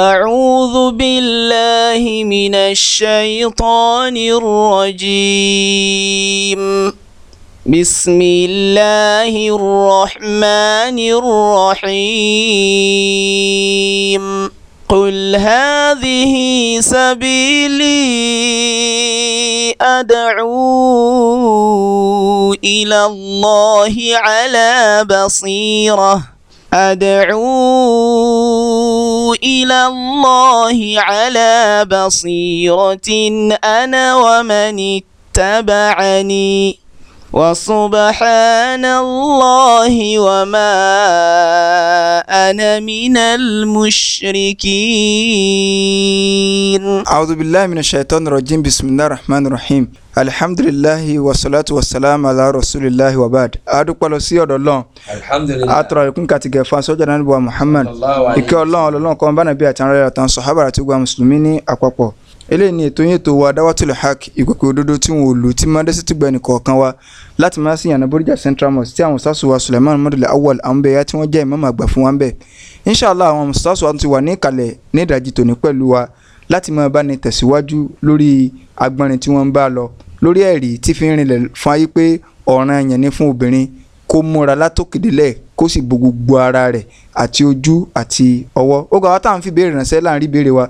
أعوذ بالله من الشيطان الرجيم بسم الله الرحمن الرحيم قل هذه سبيلي أدعو إلى الله على بصيرة أدعو إلى الله على بصيرة أنا ومن اتبعني وسبحان الله وما أنا من المشركين أعوذ بالله من الشيطان الرجيم بسم الله الرحمن الرحيم alihamdulilahi wasalaatu wasalaamu ala rasulilahi wabaad adúpẹ́ lọ sí ọ̀dọ̀ lọ́n atọ́rọ̀ ìkún kàtìgẹ̀ fún asọ́jà náà níbo muhammad ìkẹ́ ọlọ́run ọlọ́run kan bá nàbí àti àrẹ́rẹ́ àtàwọn sọ̀hábà àti gbogbo mùsùlùmí ní àpapọ̀ eléyìí ni ètò yín ètò wa dáwọ́tìlẹ̀ hak ìpèpè òdodo tí wọn ò lù tí máa dẹ́sẹ̀ tí gbẹ nìkọ̀ọ̀kan wa láti máa sí yànnà bóríjà central mosque tí àwọn sásù wa suleiman mọ́dúlẹ̀ awal àmúbẹ̀yà tí wọ́n jẹ́ ìmáàmù àgbà fún wa ń bẹ̀ inshàlá àwọn sásù ti wà ní ìkàlẹ̀ ní ìdajì tòní pẹ̀lú wa láti máa bá ní tẹ̀síwájú lórí agbọ́nrin tí wọ́n ń bá lọ lórí ẹ̀rí tí fi ń rinlẹ̀ fún ayé pé ọ̀ranyàn ni fún obìnrin kó múra látòkèdélẹ̀ kó sì bo gbogbo ara rẹ̀ àti ojú àti ọwọ́ ó gbà wá tá fi béèrè ránṣẹ́ láàrin ìbéèrè wa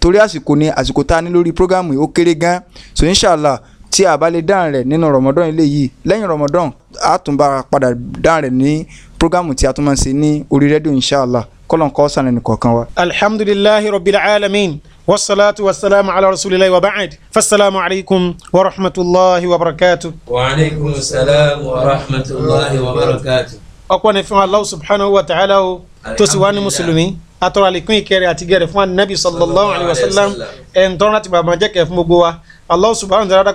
torí àsìkò ni àsìkò tá a ní lórí prógámù yìí ó kéré gan so inshallah tí a bá lè dáhùn rẹ̀ nínú rọmọdán ilé yìí lẹ́yìn rọmọdán a tún bá padà dáhùn rẹ̀ ní prógámù tí a tún máa ń ṣe ní orí rédíò inshallah kọ́lọ́n kọ́ sànẹ́nì wa. alhamdulillahi rabbil alamin. والصلاة والسلام على رسول الله وبعد فالسلام عليكم ورحمة الله وبركاته وعليكم السلام ورحمة الله وبركاته أقوى نفهم الله سبحانه وتعالى تسوان مسلمين atọrọ àlékún ìkẹrẹ àti gẹrẹ fún anabi sallallahu alayhi wa sallam ẹn tọrọ láti bàbá jẹ kẹ fún gbogbo wa allah subhanahu wa ta'ala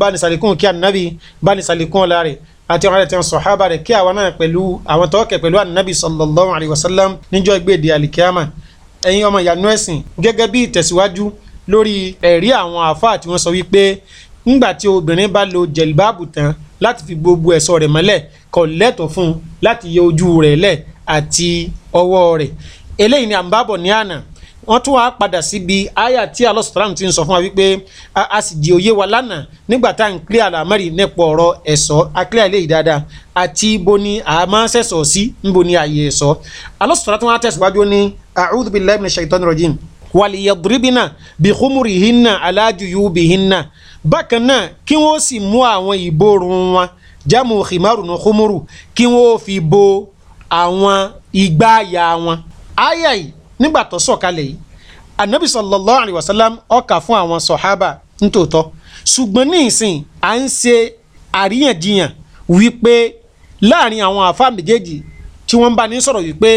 bá ní sàlékún kí anabi bá ní sàlékún ọlá rẹ̀ àti ọ̀rẹ́ tẹ̀ ń sọ hábà rẹ̀ kí àwọn náà pẹ̀lú àwọn tọ́kẹ̀ pẹ̀lú anabi sallallahu alayhi wa sallam níjọ́ ìgbéde alikiyama ẹ̀yin ọmọ ìyànú ẹ̀sìn gẹ́gẹ́ bí ìtẹ̀síwájú lórí ẹ̀rí àwọn àáfàá tí wọ́n sọ wípé ńgbà tí obìnrin bá lo jẹ̀lbáàbù tán láti fi gbogbo ẹ̀ṣọ́ rẹ̀ mọ́lẹ̀ kò lẹ́tọ̀ọ́ fún un láti yẹ ojú rẹ̀ lẹ̀ àti ọwọ́ rẹ̀ eléyìí ni à ní àná wọ́n tún wá padà síbi àyà tí alọ́sọ̀tàlám ti ń sọ fún wa wípé a sì di òye wa lánàá nígbà tá à ń clear àlámẹ́rì nípa ọ̀rọ̀ a clear ilé dáadáa àti ni a máa ń sọ sí níbo ni ààyè ẹ̀sọ́ tí wọ́n á tẹ̀síwájú ní bákan náà kí wọ́n sì mú àwọn wọn jámù kí wọ́n fi bo àwọn ìgbáàyà nígbà tó sọ̀kalẹ̀ yìí anabi sallallahu alayhi wa sallam ó kà fún àwọn sọ̀hábà nítòótọ́ ṣùgbọ́n ní ìsìn à ń ṣe àríyànjiyàn wípé láàrin àwọn àfa méjèèjì tí wọ́n ń bá ní sọ̀rọ̀ wípé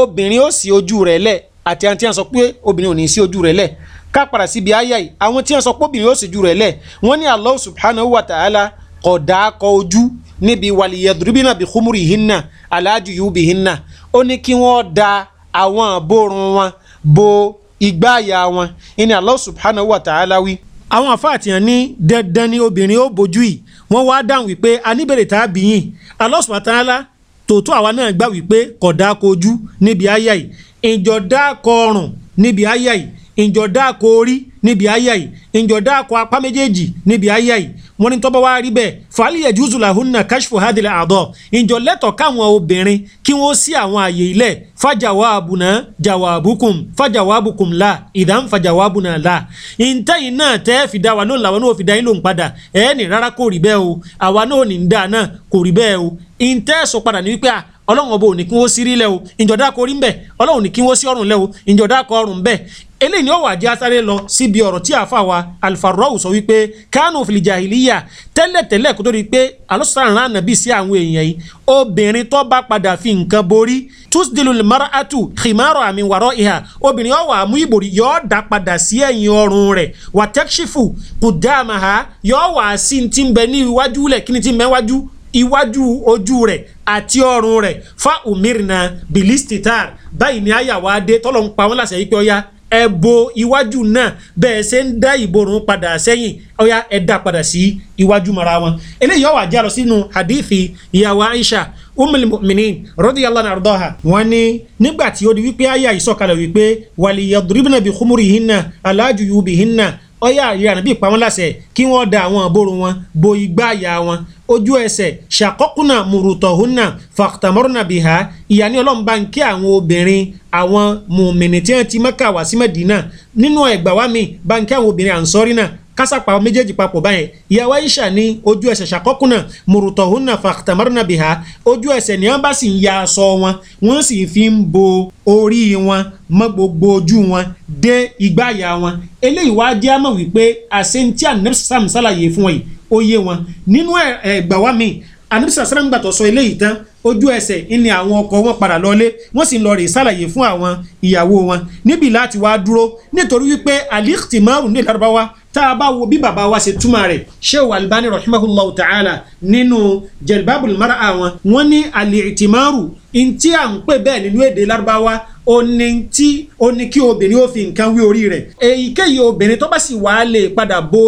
obìnrin ó sì ojú rẹ̀ lẹ̀ àti àti àwọn sọ pé obìnrin ò ní sí ojú rẹ̀ lẹ̀ ká padà síbi àyà yìí àwọn tí wọ́n sọ pé obìnrin ó sì ojú rẹ̀ lẹ̀ wọ́n ní Allah subhanahu wa ta'ala kò dáàkọ ojú níbi wàlìyàdùrúbìnà bí kúmùrì hinna aláàjù yìí bì hinna ó ní kí wọ́n da àwọn àborun wọn bo ìgbáàyà wọn ìní Allah subhanahu wa ta'ala wi. àwọn àfáàtìyàn ní dandan ni obìnrin ó bojú yìí wọ́n wá dáhùn wípé aníbèrè tá a bì yín Allah subhanahu wa ta'ala tòótọ́ àwa náà gbà wípé kọ̀dá kojú níbi àyà yìí ìjọ̀dá kọrùn níbi àyà yìí ìjọ̀dá korí níbi àyà yìí ǹjọ́ dáàkọ apá méjèèjì níbi àyà yìí wọ́n ní tọ́bọ̀ wá rí bẹ́ẹ̀ fàálì ẹ̀júùsù làhùnà kashfu hadil àdọ́ ǹjọ́ lẹ́tọ̀ọ́ káwọn obìnrin kí wọ́n sí àwọn àyè ilẹ̀ fàjàwá àbùnà jàwá àbùkùn fàjàwá àbùkùn là ìdáhùn fàjàwá àbùnà là ìntẹ́yìn náà tẹ́ fi dá wa náà làwọn náà fi dá yín lòún padà ẹ̀ ní rárá kò rí bẹ́ẹ̀ o àwa náà ní dáa náà kò rí bẹ́ẹ̀ o ìntẹ́sọ̀ padà ní wípé à ọlọ́run ọba ò ní kí wọ́n sí rí lẹ́ o ìjọ̀dá kò rí ń bẹ̀ ọlọ́run ní kí wọ́n sí ọrùn lẹ́ o ìjọ̀dá ọrùn ń bẹ̀ eléyìí ni ó wà jẹ́ asáré lọ síbi ọ̀rọ̀ tí àáfà wa alfarrow sọ wípé kánú fil jahiliya tẹ́lẹ̀tẹ́lẹ̀ kó tó di pé alọ́sàn rán nàbí sí àwọn èèyàn yìí obìnrin tó bá padà fi nǹkan borí tusdilul mar'atu khimara min wara'iha obìnrin ó wá mú ìbòrí yóò dá padà sí ẹ̀yìn ọrùn rẹ̀ wàtẹ́kṣífù kùdàmàhà yóò wá sí ti ń bẹ ní iwájú lẹ̀ kí ni ti ń bẹ wájú iwájú ojú rẹ̀ àti ọrùn rẹ̀ fa umirna bilistitar báyìí ni àyàwó adé tọ́lọ̀ ń pa wọ́n láṣẹ yìí pé ó yá ẹ bo iwájú náà bẹ́ẹ̀ ṣe ń dá ìborùn padà sẹ́yìn ọ̀yá ẹ dá padà sí iwájú mara wọn. eléyìí ọ̀wà jẹ́ lọ sínú hadithi ìyàwó Aisha umul mu'minin radiyallahu anha wọ́n ní nígbà tí ó di wípé aya ìsọ̀kalẹ̀ wípé wàlíyàdúríbìnà bí kúmúrì hinna aláàjù yùbí hinna ọyá àrí ànábì pa wọ́n láṣẹ kí wọ́n da àwọn àbórò wọn bo igbá àyà wọn ojú ẹsẹ̀ ṣàkọ́kùnà mùrùtọ̀húnà fàtàmọ́rùnà bìhá ìyá ní ọlọ́run bá ń kí àwọn obìnrin àwọn mùmìnì tí wọ́n ti Mẹ́kà wá sí Mẹ́dínà nínú ẹ̀gbà wa mi bá ń kí àwọn obìnrin ànsọ́rí náà kásàpà méjèèjì papọ̀ báyẹn ìyàwó aisha ní ojú ẹsẹ̀ ṣàkọ́kùnà mùrùtọ̀húnà fàtàmọ́rùnà bìhá ojú ẹsẹ̀ ni wọ́n bá sì ń ya aṣọ wọn wọ́n sì fi ń bo orí wọn mọ́ gbogbo ojú wọn dé ìgbàyà wọn eléyìí wá jẹ́ àmọ̀ wípé àṣentí ànẹ́sàmùsàlàyé fún wọn yìí ó yé wọn nínú ẹ̀gbà wa mi ànẹ́sàmùsàlàyé gbàtọ̀ sọ eléyìí tán ojú ẹsẹ̀ ni àwọn ọkọ wọn padà lọlé wọ́n sì ń lọ rè sàlàyé fún àwọn ìyàwó wọn níbi láti wá dúró nítorí wípé alihtimaru ní ìlàrúbáwá tá a bá wo bí bàbá wa ṣe túmọ̀ rẹ̀ Sheikh Albani rahimahullah ta'ala nínú jelbabul mar'a wọn wọ́n ní alihtimaru ntí à ń pè bẹ́ẹ̀ nínú èdè lárúbáwá oni tí oni kí obìnrin ó fi nǹkan wí orí rẹ̀ èyíkéyìí obìnrin tó bá sì wá lè padà bo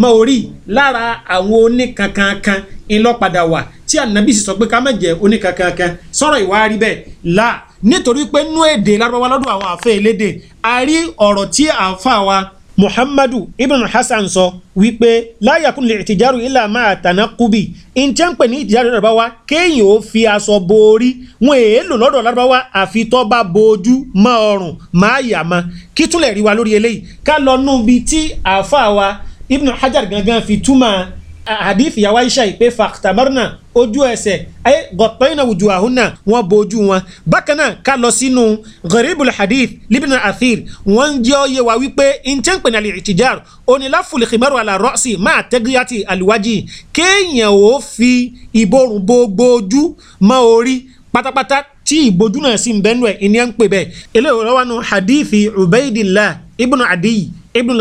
mọ́ orí lára àwọn oníkankankan ńlọ́padà wà tí ànábì sì sọ pé ká mẹjẹ oníkankankan sọ̀rọ̀ ìwà rí bẹ́ẹ̀ là nítorí pé nú èdè lárúbáwá lọ́dọ̀ àwọn àfẹ́ elédè a rí ọ̀rọ̀ tí àfa wa muhammadu ibn hasan sọ wípé láyàkún lè tìjárù ilà máa tàná kúbi ǹjẹ́ ń pè ní ìtìjárù lárúbáwá kéèyàn ó fi aṣọ bo orí wọn èèlò lọ́dọ̀ lárúbáwá àfi tó bá bojú mọ́ ọrùn máa yà mọ́ kí tún lè rí wa lórí eléyìí ká lọ nú bi tí àfa wa ibn hajar gangan fi túmọ̀ hadith ìyàwó aisha ìpè fàtàmọ́rìnà ojú ẹsẹ̀ ayé gọ̀tọ́yìnà ojú àhúnà wọn bo ojú wọn bákan náà ká lọ sínú gharibul hadith libna athir wọn ń jẹ́ ọyẹ wa wípé ǹjẹ́ ń pè ní alìtìjáàrù oníláfùlì kìmẹ́rù àlàrọ́ọ̀sì máa tẹ́gíyàtì àlùwájì kéèyàn ó fi ìborùn gbogbo ojú mọ́ orí pátápátá tí ìbojú náà sì ń bẹ́ẹ̀ nù ẹ̀ ìní à ń pè bẹ́ẹ̀ eléyìí lọ́wọ́ nu hadithi ubaidillah ibnu adiy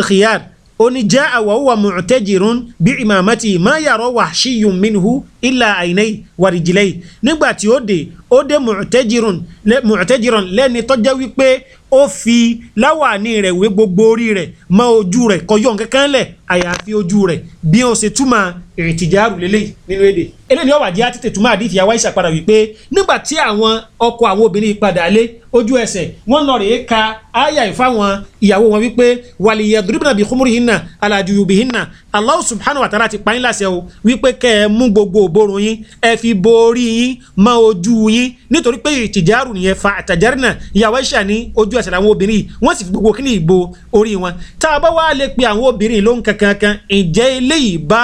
khiyar ó ní jẹ́ àwọ̀ wà mu'tajirun bí imamati ma yàrá wahshiyun minhu ilà àìnẹ́yì wàrìjìlẹ́yì nígbà tí ó dé ó dé mùtẹ́jìrán lẹ́ni tọ́jẹ́ wípé ó fi láwàní rẹ̀ wé gbogbo orí rẹ̀ mọ́ ojú rẹ̀ kọyọ̀ kankan lẹ̀ àyàfi ojú rẹ̀ bí ó ṣe túmọ̀ ìrìntìjáàrù lélẹ̀ nínú èdè eléyìí ọ̀wà jẹ́ àtètè túmọ̀ àdìfì àwa ìṣà padà wípé nígbà tí àwọn ọkọ àwọn obìnrin padà lé ojú ẹsẹ̀ wọ́n lọ rèé ka àyà ìfáwọn ìyàwó wọn wípé wàlìyẹ dùrúbìnà bíi kúmúrì hinna alájú yubi hinna Allah subhanahu wa ta'ala ti pa yín láṣẹ o wípé kẹ́ ẹ mú gbogbo ògbórun yín ẹ fi bo orí yín mọ ojú yín nítorí pé ìtìjáàrù nìyẹn fa àtàjáàrù náà ìyàwó ìṣà ní ojú ẹsẹ̀ àwọn obìnrin yìí wọ́n sì fi gbogbo kíní ìbo orí wọn tá a bá wá lè pe àwọn obìnrin ló ń kankan kan ǹjẹ́ eléyìí bá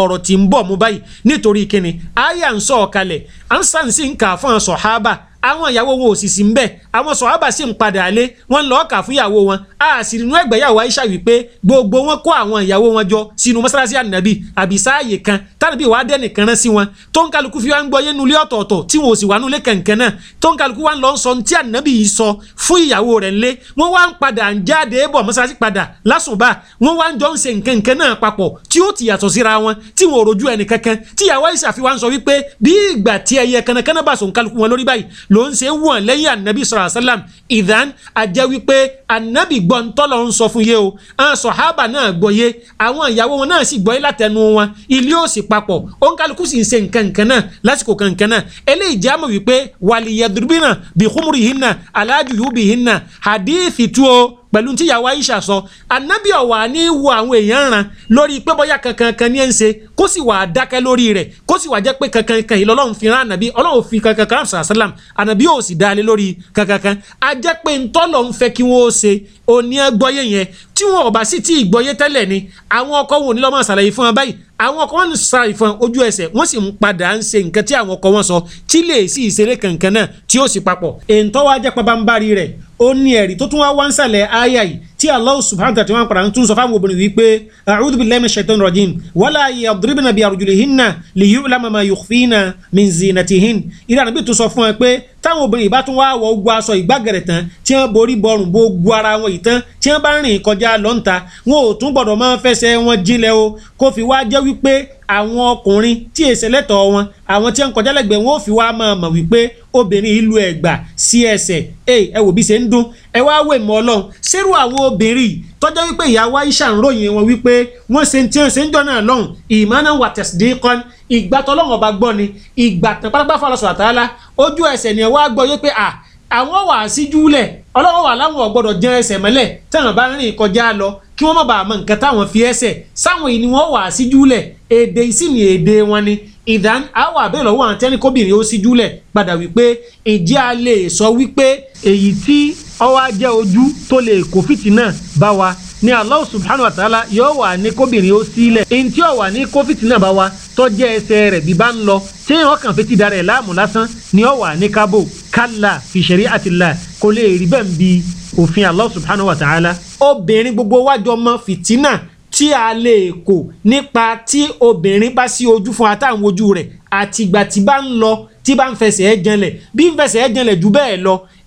ọ̀rọ̀ tí ń bọ̀ mú báyìí nítorí kíni àyà ń sọ̀ kalẹ̀ ansa ń sì ń kà fún àwọn sọ̀hábà àwọn ìyàwó wọn ò sì sí ń bẹ̀ àwọn sọ̀hábà sì ń padà lé wọn lọ́ọ́ kà fún ìyàwó wọn a sì nínú ẹgbẹ̀yàwó Aisha wípé gbogbo wọn kó àwọn ìyàwó wọn jọ sínú mọ́sálásí ànàbì àbí sáàyè kan tàbí wàá dẹ́nìkan rán sí wọn tó ń kálukú fi wá ń gbọ́ yé nulẹ̀ ọ̀tọ̀ọ̀tọ̀ tí wọn ò sì wà nulẹ̀ kankan náà tó ń kálukú wá ń lọ sọ tí ànàbì yìí sọ fún ìyàwó rẹ̀ ńlé wọn wá ń padà ń jáde bọ̀ mọ́sálásí padà lásùnbà wọn wá ń jọ ń ṣe nkankan náà papọ̀ tí ó ti yàtọ̀ síra wọn tí wọn ò rojú ẹnì kankan tí ìyàwó Aisha fi wá ń sọ wípé bí ìgbà tí ẹyẹ kanakana bá sọ ń kálukú wọn lórí báyìí ló ń ṣe wọ̀n lẹ́yìn anabi sọ̀rọ̀ àṣálàm ìdán ajẹ́ wípé anabi gbọ́ ntọ́lọ̀ ń sọ fún yé o àwọn sọ̀hábà náà gbọ́ yé àwọn ìyàwó wọn náà sì gbọ́ yé látẹnu wọn ilé ò sì papọ̀ òǹkàlùkù sì ń ṣe nkankan náà lásìkò kankan náà eléyìí jẹ́ àmọ̀ wípé wàlìyàdùrúbìnà bìkúmùrìhìnà aláàjùyùbìhìnà hadith tu pẹ̀lú tí ìyàwó Aisha sọ anabi ọ̀wà ní wo àwọn èèyàn ran lórí pé bóyá kankan kan ní ẹ̀ ń ṣe kó sì wà á dákẹ́ lórí rẹ̀ kó sì wà jẹ́ pé kankan kan yìí lọ́lọ́run fi rán anabi ọlọ́run fi kankan kan ránṣẹ́ sálàm anabi yóò sì dáa lé lórí kankan kan a jẹ́ pé ntọ́lọ̀ ń fẹ́ kí wọ́n ṣe òní ẹgbọ́yé yẹn tí wọn ò sì tí ì tẹ́lẹ̀ ni àwọn ọkọ wọn ò ní lọ́mọ ṣàlàyé fún wọn báyìí àwọn ọkọ wọn ń sa ìfọn ojú ẹsẹ̀ wọ́n sì ń padà ń ṣe nǹkan tí àwọn ọkọ wọn sọ tí lè sí ìṣeré kankan náà tí ó sì papọ̀ èntọ́wọ́ ajẹ́pọ̀ bá ń rẹ̀ ó ní ẹ̀rí tó tún wá wá ń sàlẹ̀ áyà yìí tí Allah subhanahu wa ta'ala padà ń tún sọ fáwọn obìnrin wípé a'udhu billahi minash shaitani rajim wala yadribna bi arjulihinna liyu'lama ma yukhfina min zinatihin ìlànà bí tó sọ fún ẹ pé táwọn obìnrin ìbá tún wá wọ ogun aṣọ ìgbàgẹ̀rẹ̀ tán tí wọ́n borí bọrùn bó gu ara wọn yìí tán tí wọ́n bá rìn kọjá lọ́ǹta wọn ò tún gbọ́dọ̀ máa fẹsẹ̀ wọn jinlẹ̀ o kó fi wá jẹ́ wípé àwọn ọkùnrin tí èsè lẹ́tọ̀ọ́ wọn àwọn tí wọ́n kọjá lẹ́gbẹ̀ẹ́ wọn ò fi wá máa mọ̀ wípé obìnrin ìlú ẹ̀gbà sí ẹsẹ̀ ẹ wò bí ṣe ń dún ẹ wá wè mọ́ ọlọ́run sẹ́rù àwọn obìnrin tọ́jọ́ wípé ìyàwó Aisha ń ròyìn wọn wípé wọ́n ṣe tí wọ́n ṣe ń jọ́nà lọ́hùn ìmọ̀nà wà tẹ̀sídẹ́kọ́n ìgbà tọ́lọ́hùn ọba gbọ́ ni ìgbà tán pátápátá fọlọ́ sọ̀rọ̀ tààlà ojú ẹsẹ̀ ni ẹ wá gbọ́ wípé à àwọn wà síjú lẹ̀ ọlọ́wọ́ wà láwọn ọ̀gbọ́dọ̀ jẹ́ ẹsẹ̀ mọ́lẹ̀ táwọn bá rìn kọjá lọ kí wọ́n má bàa mọ nǹkan táwọn fi ẹsẹ̀ sáwọn yìí ni wọ́n wà síjú lẹ̀ èdè ìsìnì èdè wọn ni ìdán àwọn àbẹ̀rẹ̀ lọ́wọ́ àtẹnikọ́bìnrin ó síjú lẹ̀ padà wípé ìjẹ́ a sọ wípé èyí tí ọwọ́ ajẹ́ ojú tó lè kó fìtínà bá wa ni Allah subhanahu wa ta'ala yóò wà ní kóbìnrin ó sílẹ̀ ntí ó wà ní kófìtì náà bá wa tọ́jẹ́ ẹsẹ̀ rẹ̀ bí bá ń lọ tí èèyàn kàn fi ti darẹ̀ láàmú lásán ni ó wà ní kábò kálà fi shari'atillah kò lè rí bẹ́ẹ̀ bí òfin Allah subhanahu wa ta'ala. obìnrin gbogbo wájọ mọ fìtínà tí a lè kó nípa tí obìnrin bá sí ojú fún àtàwọn ojú rẹ̀ àtìgbà tí bá ń lọ tí bá ń fẹsẹ̀ ẹ̀ janlẹ̀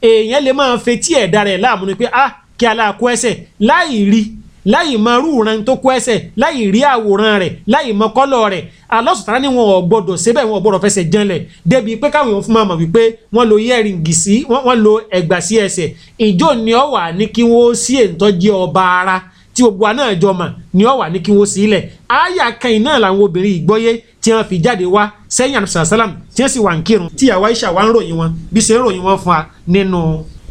èèyàn lè máa fetí ẹ̀dá rẹ̀ láàmú ni pé ah kí aláàkó ẹsẹ̀ láì rí láì mọ rúuran tó kó ẹsẹ̀ láì rí àwòrán rẹ̀ láì mọ kọ́lọ̀ rẹ̀ alọ́sùtara ni wọn ò gbọdọ̀ síbẹ̀ wọn ò gbọdọ̀ fẹsẹ̀ janlẹ̀ débi pé káwọn èèyàn fún ma mọ̀ wípé wọ́n lo yẹ́rìngì sí wọ́n lo ẹ̀gbà sí ẹsẹ̀ ìjọ ni ọ wà ní kí wọ́n sí èntọ́jì ọba ara tí gbogbo àná ìjọ mà ni ọ wà ní kí wọ́n sí ilẹ̀ àyà kan iná làwọn obìnrin ìgbọ́yé tí wọ́n fi jáde wá sẹ́yìn àdùsàn tí wọ́n sì wà ń kírun tí ìyàwó Aisha wà ń ròyìn wọn bí ṣe ń ròyìn wọn fún wa nínú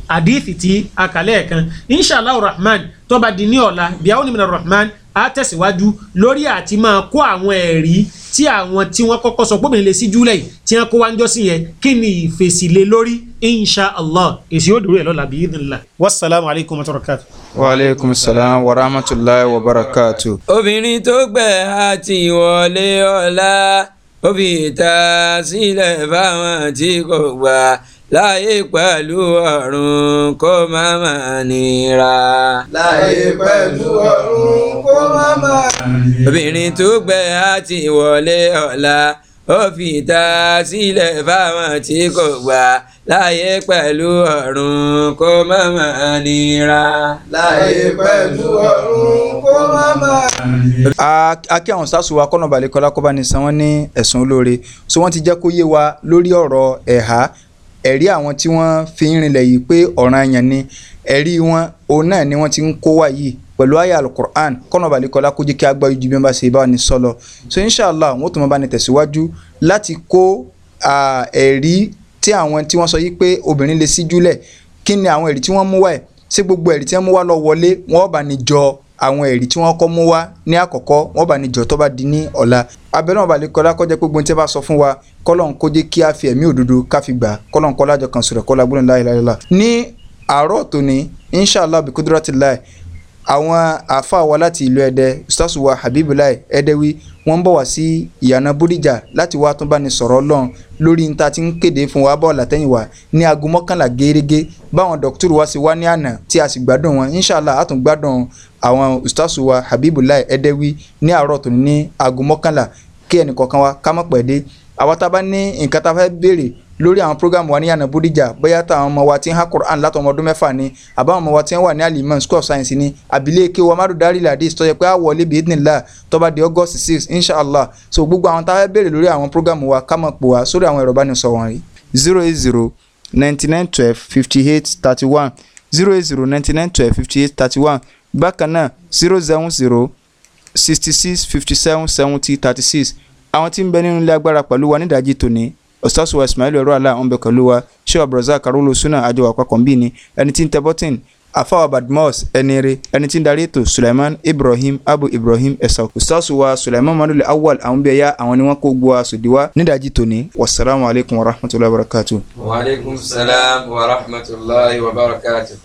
àdìsí tí a kà lẹ́ẹ̀kan inshallah rahman tó bá di ní ọ̀la bí àwọn onímọ̀ rahman á tẹ̀síwájú lórí àti máa kó àwọn ẹ̀rí tí àwọn tí wọ́n kọ́kọ́ sọ pé obìnrin lè síjú lẹ́yìn tí wọ́n kó wá ń jọ́sìn yẹn kí ni ìfèsì lé lórí insha allah èsì yóò dúró ẹ̀ lọ́la bí ìdìlá. wasalaamu alaykum wa rahmatulahi. wa aleykum salaam wa rahmatulahi wa barakatu. obìnrin tó gbẹ̀ àti ìwọlé ọ̀la ó ìta sílẹ̀ fáwọn tí kò gbà láyé pẹ̀lú ọ̀run kó má máa nira. láyé pẹ̀lú ọ̀run kó má máa obìnrin tó gbẹ̀ àti ìwọlé ọ̀la ó fi ìta sílẹ̀ fáwọn tí kò gbà láyé pẹ̀lú ọ̀run kó má máa nira. láyé pẹ̀lú ọ̀run kó má máa nira. a kí àwọn sásù wa kọ́nà balẹ̀ kọ́lá kó ní san wọ́n olóore so wọ́n ti jẹ́ kó yé wa lórí ọ̀rọ̀ ẹ̀há ẹ̀rí àwọn tí wọ́n fi ń rinlẹ̀ yìí pé ọ̀ranyàn ni ẹ̀rí wọn òun náà ni wọ́n ti ń kó wá yìí pẹ̀lú àyà alukur'an kọ́nà balẹ̀kọ́lá kó jẹ́ kí agbáyé ju bí wọ́n bá ṣe bá ní sọ́lọ so inshallah wọ́n tún máa bá ní tẹ̀síwájú láti kó ẹ̀rí tí àwọn tí wọ́n sọ yìí pé obìnrin lè síjú lẹ̀ kí ni àwọn ẹ̀rí tí wọ́n mú wá ẹ̀ ṣé gbogbo ẹ̀rí tí wọ́n mú wá lọ wọlé wọ́n bá ní jọ àwọn ẹ̀rí tí wọ́n kọ́ mú wá ní àkọ́kọ́ wọ́n bá ní jọ tó bá di ní ọ̀la abẹ́rẹ́ ọ̀bàlẹ̀ kọ́lá kọjá pé gbọ́n tí a bá sọ fún wa kọ́lọ́n kó jẹ́ kí a fi ẹ̀mí òdodo ká fi gbà kọ́lọ́n kọ́lá jọ kan sọ̀rọ̀ kọ́lá gbọ́dọ̀ láìláìlá. ní àárọ̀ tòní inshàlá bìkúdúrà ti láì àwọn àáfàá wa láti ìlú ẹdẹ ustasuwa habibulai ẹdẹwí wọ́n ń bọ̀ wá sí ìyànà bódìjà láti wá tún bá ní sọ̀rọ̀ ọlọ́run lórí níta tí ń kéde fún wa bọ́ọ̀lù àtẹ̀yìnwá ní aago mọ́kànlá gẹ́gẹ́ báwọn dọ́kítọ́rù wa ṣe wá ní àná tí a sì gbádùn wọn inshàlá a tún gbádùn àwọn ustaṣu wa habibulai edewi ní àárọ̀ tó ní aago mọ́kànlá kí ẹnì kọ̀ọ̀kan wa ká mọ̀ pẹ̀lẹ́ àwọn tá a bá ní nǹkan tá a fẹ́ béèrè lórí àwọn programu wa ní yànnà bódìjà bóyá táwọn ọmọ wa ti ń ha Quran látọmọ ọdún mẹ́fà ni àbáwọn ọmọ wa ti ń wà ní alimam school of science ni àbílẹ̀ wa madu dari ladis tó pé a wọlé bi idinla tó di august six inshallah so gbogbo àwọn tá a béèrè lórí àwọn programu wa ká mọ̀ pò wá sórí àwọn ẹ̀rọ ìbánisọ̀rọ̀ wọn rí. zero eight zero ninety nine twelve fifty eight thirty one zero eight zero ninety nine twelve fifty eight thirty one bákan náà zero seven zero sixty six fifty seven seventy thirty six àwọn tí ń bẹ nínú ilé agbára pẹ̀lú wa nídàájí tòní ustaz wa ismail Eruala ń bẹ pẹ̀lú wa sheikh abdulrasaq karolo suna àjọ wà papọ̀ nbí ni ẹni tí ń tẹ bọ́tìn afawa badmus ẹnire ẹni tí ń darí ètò suleiman ibrahim abu ibrahim ẹsà ustaz wa suleiman madule awal àwọn bẹ̀yà àwọn ni wọ́n kó gbọ́ àsùdíwá nídàájí tòní wasalaamualeykum wa rahmatulahi wa salaam wa rahmatulahi wa barakatu.